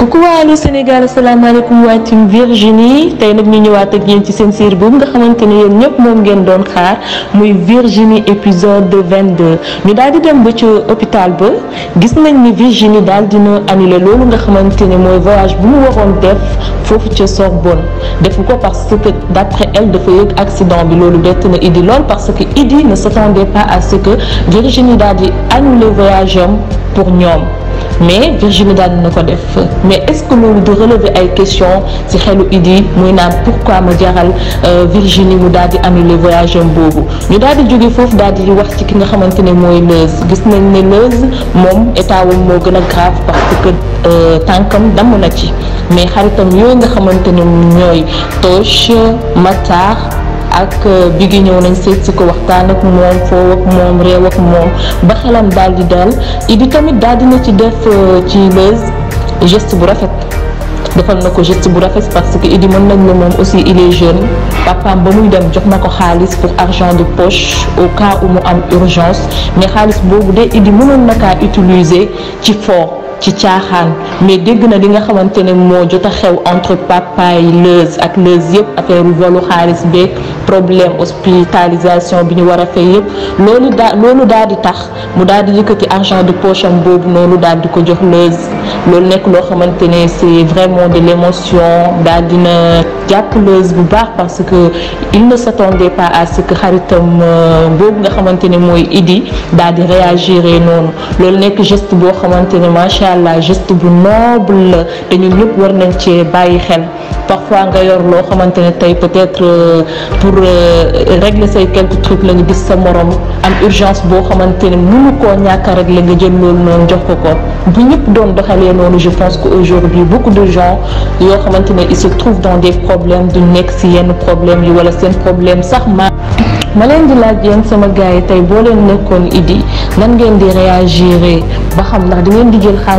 coucou allo Sénégal asalaamaaleykum waa team Virginie tey nag ñu ñëwaat ak yéen ci seen série boobu nga xamante ni yéen ñëpp moom ngeen doon xaar muy Virginie épisode 22 ñu daal di dem ba ca hôpital ba gis nañ ni Virginie daal dina annulé loolu nga xamante ne mooy voyage bu mu waroon def foofu ca Sorbonne defu ko parce que d'après elle dafa yëg accident bi loolu bett na Idy lool parce que Idy ne s'attendait pas à ce que Virginie daal di annulé voyage am mais Virginie daal na ko def mais est-ce que loolu di relever ay question ci xelu Idi muy naan pourquoi ma jaral euh, Virginie mu daal di annuler voyage am boobu ñu daal di jóge foofu daal di wax ci ki nga xamante ne mooy Leuz gis nañ ne Leuz moom état wam moo gën a grave parce que euh, tànkam damm na ci mais xaritam yooyu nga xamante ne ñooy Toch Matar ak euh, bi gi ñëw nañ seetsi ko waxtaan ak moom foo ak moom réew ak moom ba xelam daal di daal Idy tamit daal dina ci def euh, ci bés gest bu rafet defal na ko geste bu rafet parce que Idy mën nañ ne moom aussi il est jeune papaam ba muy dem jox na ko xaalis pour argent de poche au cas où am urgence mais xaalis boobu de Idy mënoon na kaa utiliser ci fond ci caaxaan mais dégg na li nga xamante ne moo jot a xew entre papa yi leuz ak leuz yëpp affaire volu xaalis beeg problème hospitalisation bi ñu war a fay yëpp loolu daa daal di tax mu daal di yëkkati argent de poche am boobu noonu daal di ko jox leuz loolu nekk loo xamante ne c'est vraiment de l'émotion daal dina jàpp leuz bu baax parce que il ne s'attendait pas à ce que xaritam euh, boobu nga xamante ne mooy idi daal di réagir noonu loolu nekk geste boo xamante ne macha macha allah geste bu noble la te ñun ñëpp war nañ cee bàyyi xel parfois nga yor loo xamante ne tey peut-être euh, pour euh, régler say quelques trucs la nga gis sa morom am urgence boo xamante ne mënu koo ñàkk a régler nga jël loolu noonu jox ko ko bu ñëpp doon doxalee noonu je pense que aujourd'hui beaucoup de gens yoo xamante ne ils se trouvent dans des problèmes du nekk si yenn problème yi wala seen problème sax ma ma leen di laaj yéen sama gars tey boo leen nekkoon Idy nan ngeen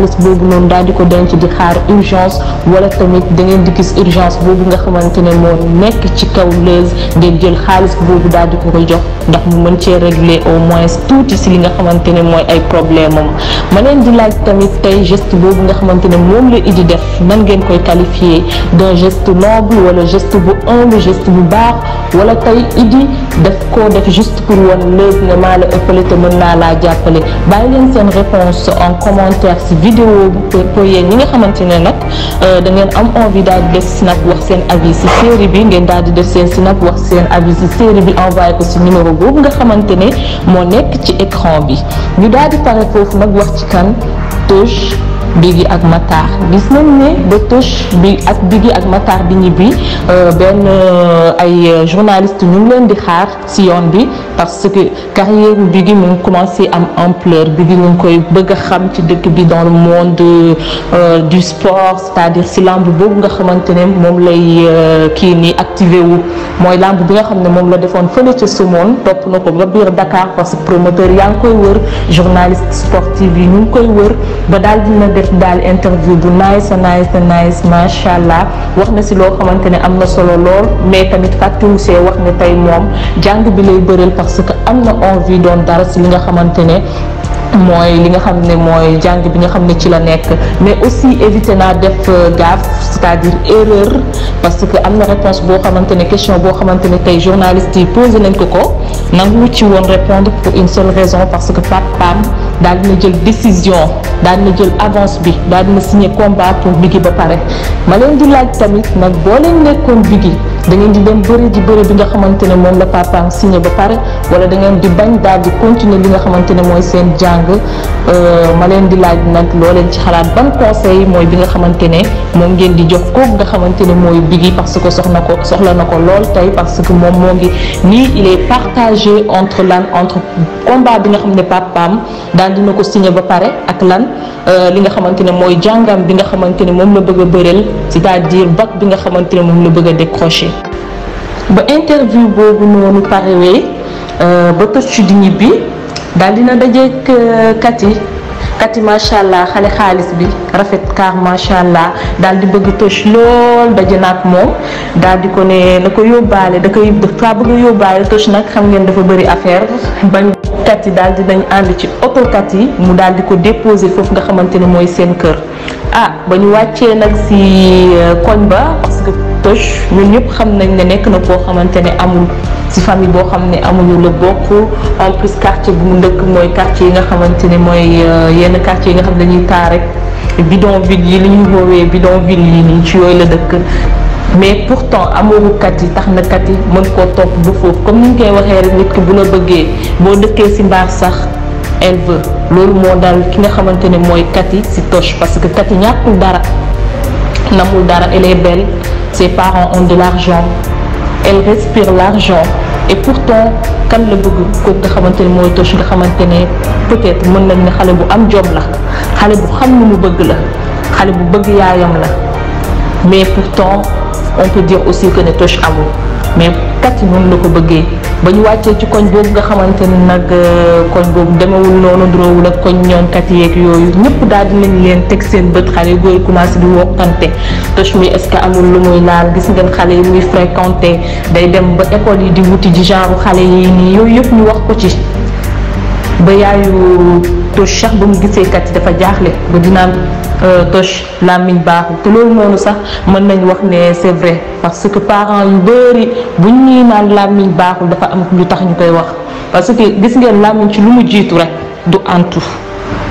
xaalis boobu noonu daal di ko denc di xaar urgence wala tamit da ngeen di gis urgence boobu nga xamante ne moo nekk ci kaw leuse ngeen jël xaalis boobu daal di ko koy jox ndax mu mën cee régler au moins tuuti si li nga xamante ne mooy ay problème am ma leen di laaj tamit tey geste boobu nga xamante ne moom la Idy def nan ngeen koy qualifier d'un geste noble wala geste bu humble geste bu baax wala tey Idy daf koo def juste pour wan leuse ne maa la ëppale te mën naa laa jàppale bàyyi vidéo pour yéen ñi nga xamante ne nag euh, da ngeen am envie daal di def snap wax seen avis ci série bi ngeen daal di def seen nag wax seen avis ci série bi envoyé ko si numéro boobu nga xamante ne moo nekk ci écran bi ñu daal di pare foofu nag wax ci kan Teuch Biggy ak Matar gis nañ ne de bi ak Biggy ak Matar di ñibbi euh, benn euh, ay euh, journaliste ñu ngi leen di xaar si yoon bi parce que carrière Biggy mu ngi commencé am ampleur Biggy ñu ngi koy bëgg a xam ci dëkk bi dans le monde du sport c'est-à-dire ci lamb boobu nga xamante ne moom lay kii nii activé wu mooy lamb bi nga xam ne moom la defoon fële ca Somone topp na ko ba biir Dakar parce que promoteur yaa ngi koy wër journaliste sportif yi ñu ngi koy wër ba daal dina def daal interview bu nice nice nice macha allah wax na si loo xamante ne am na solo lool mais tamit fàttewu see wax ne tey moom jàng bi lay bëral parce que am na envie doon dara si li nga xamante ne. mooy li nga xam ne mooy jàng bi nga xam ne ci la nekk mais aussi éviter naa def euh, gaffe c'est-à-dire erreur parce que am na réponse boo xamante ne question boo xamante ne tey journaliste yi posé nañ ko ko nangu ci woon répondre pour une seule raison parce que papaam daal dina jël décision daal dina jël avance bi daal dina signer combat pour Biggi ba pare ma leen di laaj tamit nag boo leen nekkoon Biggi da ngeen di dem bëri ji bëri bi nga xamante ne moom la papaam signé ba pare wala dangeen di bañ daal di continuer li nga xamante ne mooy seen jàng euh, ma leen di laaj nag loo leen ci xalaat ban conseil mooy bi nga xamante ne moom ngeen di jox kooku nga xamante ne mooy Biggy parce que soxna ko soxla na ko lool tey parce que moom moo ngi nii il est entre lan entre combat bi nga xam ne papaam daal dina ko signé ba pare ak lan euh, li nga xamante ne mooy jàngam bi nga xamante ne moom la bëgg a ci c'est-à-dire bac bi nga xamante ne moom la bëgg a décrocher ba interview boobu noonu parewee euh, ba tëccu di ñibbi daal dina dajeeg euh, Kati Kati macha allah xale xaalis bi rafet kaar macha allah daal di bëgg tëcc lool daje na moom daal di ko ne na ko yóbbaale da koy dafa bëgg yóbbaale tëcc nag xam ngeen dafa bëri affaire bañ Kati daal di nañ ànd ci oto Kati mu daal di ko déposé foofu nga xamante ne mooy seen kër ah ba ñu wàccee nag si euh, koñ ba parce que Toch ñun ñëpp xam nañ ne nekk na koo xamante ne amul si famille boo xam ne amuñu la bokk en plus quartier bu mu ndëkk mooy quartier yi nga xamante ne mooy euh, yenn quartier yi nga xam ne dañuy taa rek bidonville yi li ñuy woowee bidonville yi nii ci yooyu la dëkk mais pourtant amouru kat yi tax na kat yi mën koo topp ba foofu comme ni ñu koy waxee rek nit ki bu la bëggee boo dëkkee si mbaar sax elle veut loolu moo dal ki nga xamante ne mooy si Sitoche parce que Cathy ñàkkul dara namul dara elle est belle ses parents ont de l'argent elle respire l'argent et pourtant kan la bëgg kooku nga xamante ne mooy Toch nga xamante ne peut-être mën nañ ne xale bu am jom la xale bu xam lu mu bëgg la xale bu bëgg yaayam la mais pourtant on peut aussi que ne touche amul mais kat noonu la ko bëggee ba ñu wàccee ci koñ boobu nga xamante ne nag euh, koñ boobu demewul noonu droowul ak koñ ñoom kat yeeg yooyu ñëpp daal dinañ leen teg seen bët xale yu góor yi commencé di wokkante touche mi est-ce que amul lu muy laal gis ngeen xale yi muy fréquenté day dem ba école yi di wuti ji genre xale yi nii yooyu yëpp ñu wax ko ci. ba yaayu Toch sax ba mu gisee kat dafa jaaxle ba dinaan euh, Toch làmmiñ baaxul te loolu noonu sax mën nañ wax ne c'est parce que parents yu bëri buñ ñuy naan làmmiñ baaxul dafa am lu tax ñu koy wax parce que gis ngeen làmmiñ ci lu mu jiitu rek du antu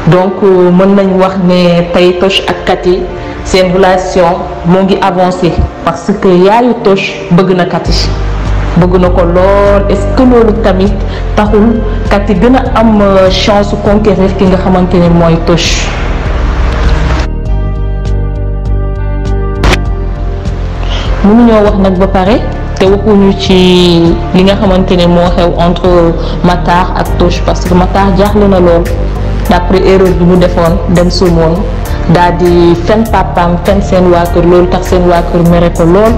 donc euh, mën nañ wax ne tey Toch ak Kati seen relation moo ngi avancé parce que yaayu Toch bëgg na Kati bëgg na ko lool est-ce que loolu tamit taxul kat yi gën a am euh, chance conquérir ki nga xamante ne mooy Toch. mënuñoo wax nag ba pare te waxuñu ci li nga xamante ne moo xew entre Matar ak Toch parce que Matar jaaxle na lool d'après erreur bi mu defoon dem su daal di fen papaam fen seen waa kër loolu tax seen waa kër mere ko lool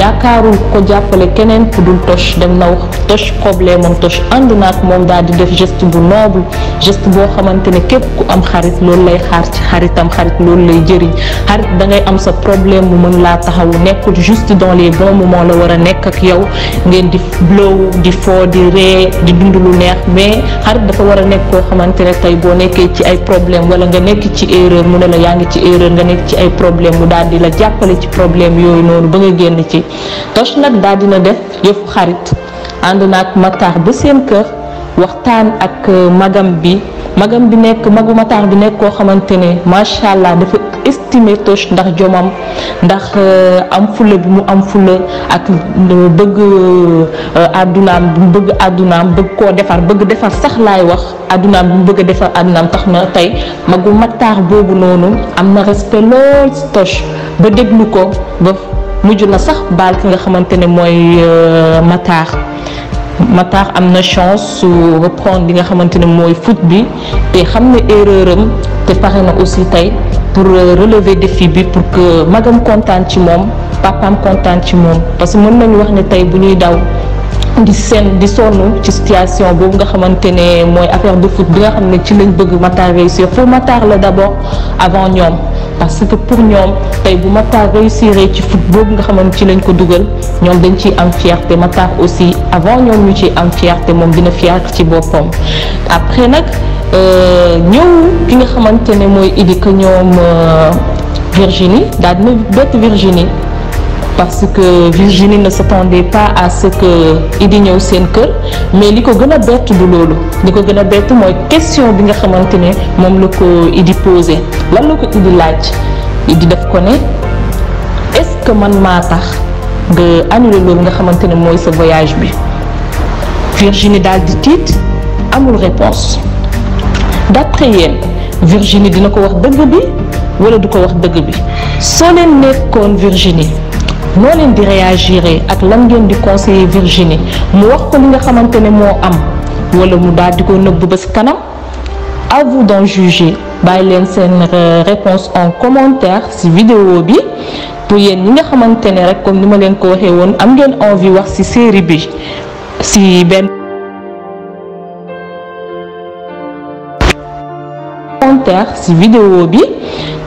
yaakaarul ko jàppale keneen ku dul dem na wax Toch problème moom Toch ànd na ak moom daal di def geste bu noble geste boo xamante ne képp ku am xarit loolu lay xaar ci xaritam xarit loolu lay jëriñ xarit da ngay am sa problème mu mën laa taxawu nekkul juste dans les bons moments la war a nekk ak yow ngeen di blow di foo di ree di dund lu neex mais xarit dafa war a nekk koo xamante ne tey boo nekkee ci ay problème wala nga nekk ci mu yaa ngi ci erreur nga nekk ci ay problème mu daal di la jàppale ci problème yooyu noonu ba nga génn ci toch nag daal dina def yëfu xarit ànd na ak Matar ba seen kër waxtaan ak euh, magam bi magam bi nekk magu Matar bi nekk koo xamante ne macha allah dafa estimer Toch ndax jomam ndax euh, am fula bi mu am fula ak euh, bëgg euh, àddunaam bi mu bëgg àddunaam bëgg koo defar bëgg defar sax laay wax àddunaam bi mu bëgg a defar àddunaam tax na tey magu Matar boobu noonu am na respect lool si ba déglu ko ba mujj na sax baal ki nga xamante ne mooy mataax Matar am na chance su reprendre li nga xamante ne mooy foot bi te xam ne erreur am te pare na aussi tey pour euh, relever défi bi pour que magam kontaan ci moom papaam kontaan ci moom parce que mën nañu wax ne tey bu ñuy daw. di seen di sonn ci situation boobu nga xamante ne mooy affaire de foot bi nga xam ne ci lañ bëgg Matar réussir faut Matar la d'abord avant ñoom parce que pour ñoom tey bu Matar réussir ci foot boobu nga xamante ci lañ ko dugal ñoom dañ ciy am fierté Matar aussi avant ñoom ñu ciy am fierté moom dina fier ci boppam après nag euh, ñëw ki nga xamante ne mooy idi que ñoom euh, Virginie daal dina bett Virginie parce que Virginie ne s'attendait pas à ce que Idi ñëw seen kër mais li ko gën a bett du loolu li ko gën a bett mooy question bi nga xamante ne moom la ko Idi posé lan la ko Idi laaj di def ko ne est-ce que man maa tax nga annulé loolu nga xamante ne mooy sa voyage bi Virginie daal di tiit amul réponse d'après yéen Virginie dina ko wax dëgg bi wala du ko wax dëgg bi soo leen nekkoon Virginie noo leen di réagir ak lan ngeen di conseiller Virginie mu wax ko li nga xamante ne moo am wala mu daal di ko nëbb ba si kanam à vous d'en juger bàyyi leen seen euh, réponse en commentaire si vidéo bi pour yéen ñi nga xamante ne rek comme ni ma leen ko waxee woon am ngeen envie wax si série bi si benn. commentaire ci vidéo bi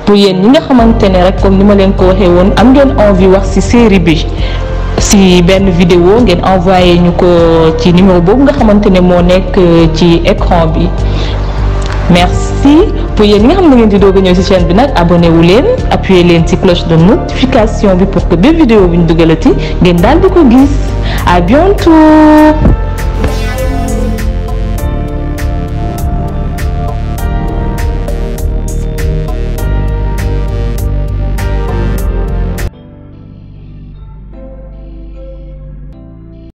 pour yéen ñi nga xamante ne rek comme ni ma leen ko waxee woon am ngeen envie wax ci série bi ci benn vidéo ngeen envoyé ñu ko ci numéro boobu nga xamante ne moo nekk ci écran bi merci pour yéen ñi nga xam na ngeen di doog a ñëw ci chaîne bi nag abonné leen appuyé leen ci cloche de notification bi pour que bépp vidéo bi ñu dugalati ngeen daal di ko gis à